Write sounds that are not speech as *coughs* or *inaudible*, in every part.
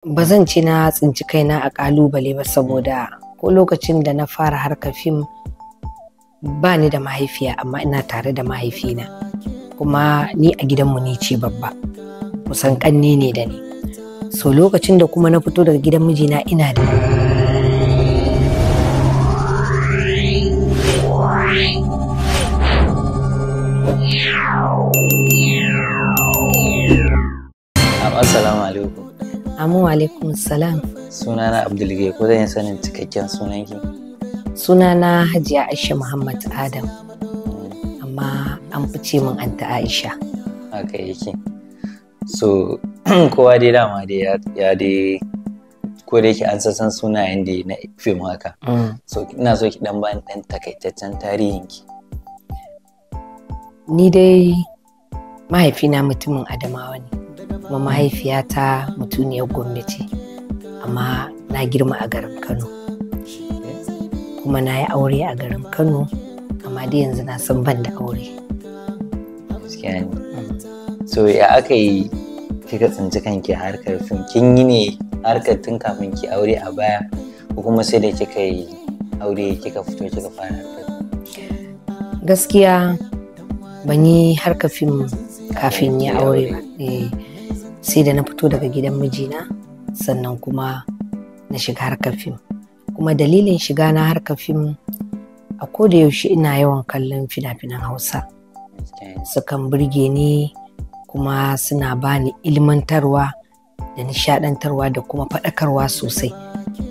ba zan ci na tsinci kaina a kalubale ba saboda ko lokacin da na fara harka fim ba ni da mahaifiya amma ina tare da mahaifina kuma ni a gidanmu ni ce babba kusan kanne ne da ni so lokacin da kuma na fito daga gidan mijina ina da alaikum salam. Sunana Abdulge ko zan sanin cikakken sunanki? Sunana Hajiya Aisha Muhammad Adam. Amma an fice min anta Aisha. Haka yake. So *clears throat* kowa dai dama dai ya dai ko da yake an sassan sunayen da na fim haka. Mm. So ina so ki dan ba dan takaitaccen tarihin ki. Ni dai mahaifina mutumin Adamawa ne. kuma mahaifiyata mutuniyar gwamnati amma na girma a garin kano kuma na yi aure a garin kano amma dai yanzu na san ban da aure so ya aka yi kika tsinci kanki harkar fim kin yi ne harkar tun kafin ki aure a baya ko kuma sai da kika yi aure kika fito kika fara harkar gaskiya ban yi harkar fim kafin ya aure ba eh, sai da na fito daga gidan mijina sannan kuma na shiga harkar fim kuma dalilin shiga na harkar fim a koda yaushe ina yawan kallon fina-finan hausa sukan burge ni kuma suna bani ilmantarwa da nishadantarwa da kuma faɗakarwa sosai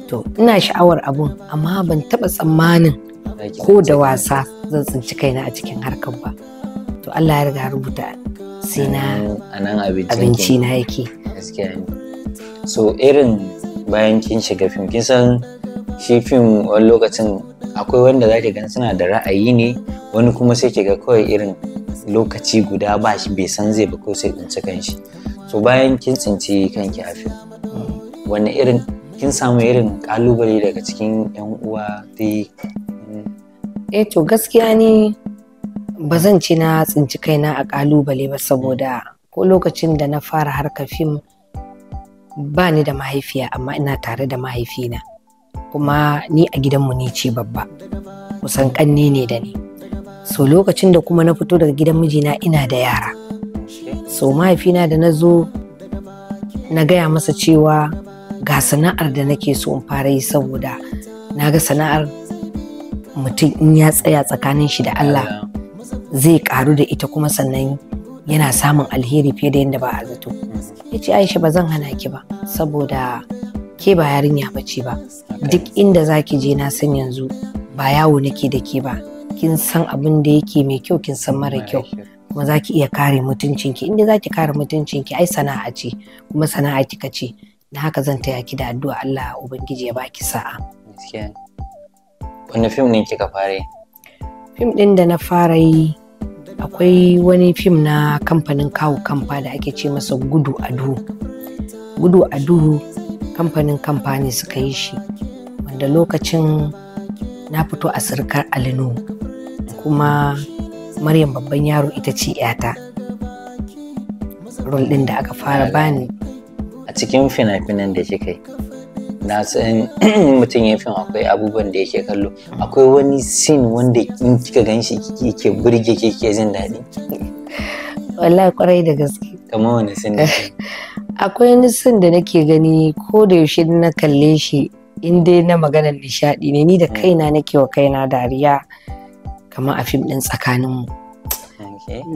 to ina sha'awar abun amma ban taɓa tsammanin ko da wasa zan tsinci kaina a cikin harkar ba to allah ya riga rubuta sai na abinci na yake so irin bayan kin shiga fim kin san shi fim wani lokacin akwai wanda za ki gan suna da ra'ayi ne wani kuma sai ki ga kawai irin lokaci guda ba shi bai san zai ba ko sai tsinci kanshi so bayan kin tsinci kanki a fim wani irin kin samu irin kalubale daga cikin yan uwa dai eh to gaskiya ne ba zan ce na tsinci kaina a ƙalubale ba saboda ko lokacin da na fara harka fim ba ni da mahaifiya amma ina tare da mahaifina kuma ni a gidanmu ne ce babba kusan kanne ne da ni so lokacin da kuma na fito daga gidan mijina ina da yara so mahaifina da na zo na gaya masa cewa ga sana'ar da nake so in fara yi saboda na ga sana'ar mutum in ya tsaya tsakanin shi da Allah zai karu da ita kuma sannan yana samun alheri fiye da yadda ba a zato ya ce aisha ba zan hana ki ba saboda ke ba yarinya ba ce ba duk inda za ki je na san yanzu ba yawo nake da ke ba kin san abin da yake mai kyau kin san mara kyau kuma za ki iya kare mutuncinki inda za ki kare mutuncinki ai sana'a ce kuma sana'a kika ce na haka zan taya ki da addu'a Allah ubangiji ya baki sa'a wani fim ne kika fara yi fim ɗin da na fara yi akwai wani fim na kamfanin kawo kamfa da ake ce masa gudu a duhu gudu a duhu kamfanin kamfani suka yi shi wanda lokacin na fito a sirkar alinu kuma maryam babban yaro ita ce yata rol ɗin da aka fara bani a cikin fina-finan da kika yi na san *clears throat* mutum ya fim akwai abubuwan da yake kallo akwai wani sin wanda in kika gan shi yake burge ke ke jin daɗi wallahi kwarai da gaske kamar wani sin da akwai wani sin da nake gani ko da yaushe na kalle shi in dai na maganar nishaɗi ne ni da mm. kaina nake wa kaina dariya kamar a fim ɗin tsakaninmu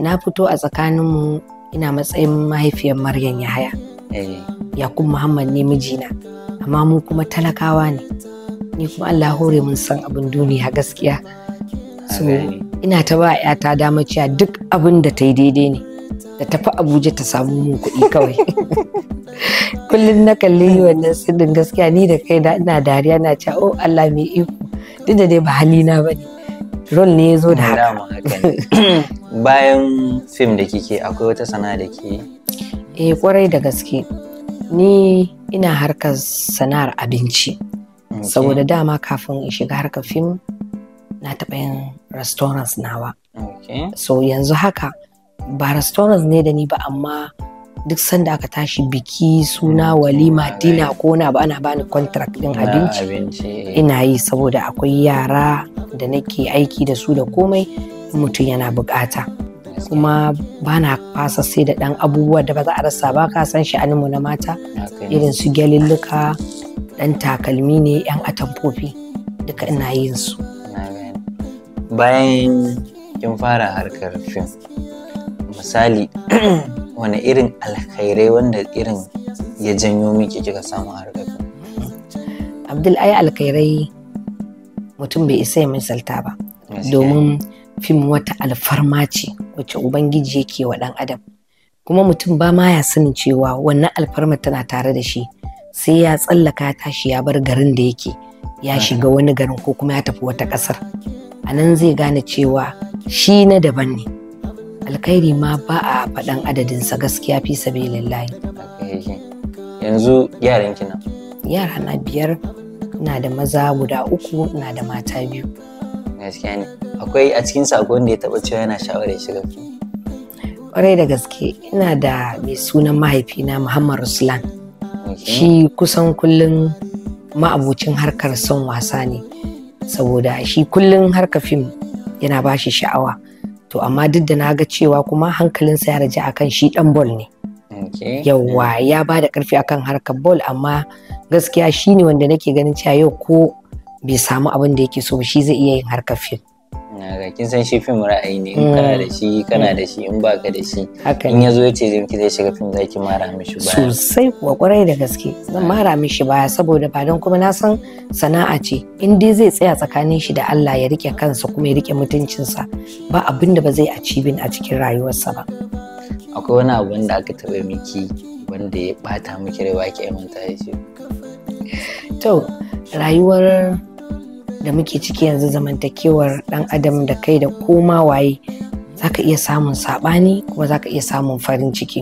na fito a tsakaninmu ina matsayin mahaifiyar maryam yahaya eh. yakub muhammad ne mijina amma mu kuma talakawa ne ni kuma Allah hore mun san abin duniya gaskiya so ina ta ba yata dama cewa duk abin da ta yi daidai ne da tafi abuja ta samu mun kuɗi kawai *laughs* kullum na kalli wannan sirrin gaskiya ni da kai na ina dariya na cewa oh Allah mai iko duk da dai ba halina ba ne rol ne ya zo da haka *coughs* bayan fim da kike akwai wata sana'a da ke eh kwarai da gaske ni ina harkar sana'ar abinci saboda dama kafin in shiga harkar fim na taɓa yin restaurants nawa so yanzu haka ba restaurants ne da ni ba amma duk sanda aka tashi biki suna mm, walima dina ko na ba ana bani contract din abinci ina yi saboda akwai yara da nake aiki da su da komai mutum yana bukata. kuma bana na fasa sai da ɗan abubuwa da ba za a rasa ba ka san shi sha'aninmu na mata irin su gyalilluka ɗan takalmi ne 'yan atamfofi duka ina yin su bayan kin fara harkar fim misali *clears throat* wani irin alkhairai wanda irin ya janyo miki kika samu harkar fim abdul ai alkhairai mutum bai isa ya misalta ba domin fim wata alfarma ce wacce ubangiji yake wa ɗan adam kuma mutum ba ma ya sanin cewa wannan alfarma tana tare da shi sai ya tsallaka tashi ya bar garin da yake ya shiga wani garin ko kuma ya tafi wata ƙasar a nan zai gane cewa shi na daban ne alkhairi ma ba a faɗan adadinsa gaskiya fi sabi lallai. yanzu yaran kina yara na biyar na da maza guda uku na da mata biyu gaskiya ne akwai a cikin sako wanda ya taba cewa yana shawarar shiga kwarai da gaske ina da mai sunan mahaifina muhammad ruslan shi kusan kullum ma'abucin harkar son wasa ne saboda shi kullum harka fim yana ba shi sha'awa to amma duk da na ga cewa kuma hankalinsa ya raja akan shi dan bol ne yawwa ya ba da karfi akan harkar bol amma gaskiya shi ne wanda nake ganin cewa yau ko bai samu abin da yake so shi zai iya yin harkar fim ga kin san shi fim ra'ayi ne in kana da shi kana da shi in baka da shi in ya zo ya ce zai zai shiga fim zaki mara mishi baya sosai kuwa kwarai da gaske zan mara mishi baya saboda ba don kuma na san sana'a ce in dai zai tsaya tsakanin shi da Allah ya rike kansa kuma ya rike mutuncinsa ba abin da ba zai acibin a cikin rayuwarsa ba akwai wani abu wanda aka taɓa miki wanda ya bata miki rai ba ki manta shi to rayuwar da muke ciki yanzu zamantakewar dan adam da kai da koma waye za ka iya samun saɓani kuma za ka iya samun farin ciki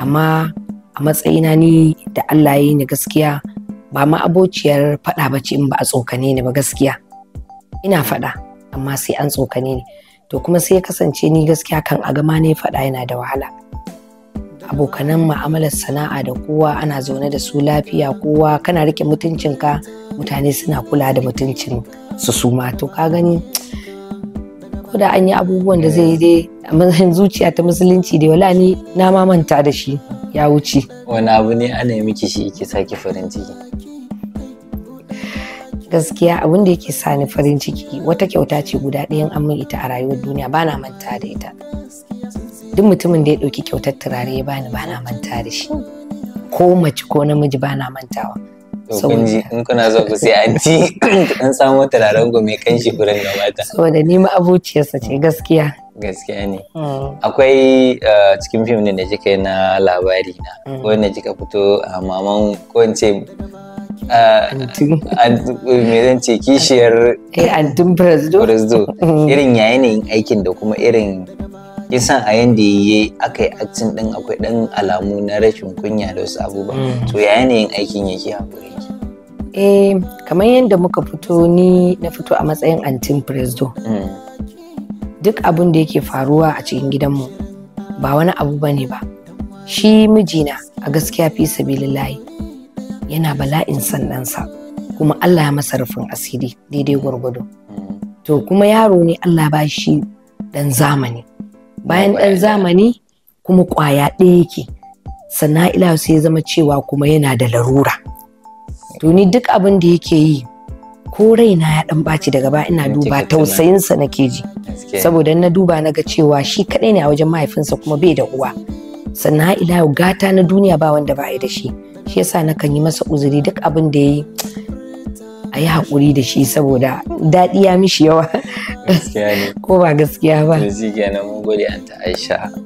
amma a matsayina ni da Allah ya yi ni gaskiya ba ma abociyar faɗa ba ce in ba a tsokane ni ba gaskiya ina faɗa amma sai an tsokane ni to kuma sai ya kasance ni gaskiya kan a gama ne faɗa yana da wahala abokanan ma'amalar sana'a da kowa ana zaune da su lafiya kowa kana rike mutuncinka mutane suna kula da mutuncin su su to ka gani ko da an yi abubuwan da zai yi dai a matsayin *laughs* zuciya ta musulunci da wala ni na mamanta manta da shi ya wuce wani abu ne ana yi miki shi yake saki farin ciki gaskiya abin da yake sani farin ciki wata kyauta ce guda ɗayan amma ita a rayuwar duniya ba na manta da ita duk mutumin da ya ɗauki kyautar turare ya bani bana manta da shi ko mace ko namiji bana mantawa kunji in kuna zo ku sai anti *coughs* an samu turaren ku mai kanshi gurin gabata saboda ni ma'abuciyarsa ce gaskiya gaskiya ne hmm. akwai eh, cikin fim ne da kika yi na labari na hmm. wanda kika fito a ah, maman ko in ce ah, me zan ce kishiyar eh, antin Brazdo hmm. irin yayin aikin da kuma irin kisan a yanda yayi aka yi acting din akwai ɗan alamu na rashin kunya da wasu abubuwa mm. to ya yanayin aikin yake a gurin eh kamar yadda muka fito ni na fito a matsayin antin presdo mm. duk abin da yake faruwa a cikin gidanmu ba wani abu bane ba shi mijina a gaskiya fi sabilillahi yana bala'in san ɗansa kuma Allah ya masa rufin asiri daidai gwargwado mm. to kuma yaro ne Allah ba shi ɗan zamani bayan ɗan zamani kuma ƙwaya ɗaya yake sannan ila sai ya zama cewa kuma yana da larura to ni duk abin da yake yi ko raina ya ɗan ɓaci daga ba ina duba tausayinsa nake ji saboda na duba na ga cewa shi kaɗai ne a wajen mahaifinsa kuma bai da uwa sannan ila gata na duniya ba wanda ba da shi shi yasa na kan yi masa uzuri duk abin da ya yi a haƙuri da shi saboda daɗi ya mishi yawa gaskiya ne ko ba gaskiya ba to shi kenan mun gode anta Aisha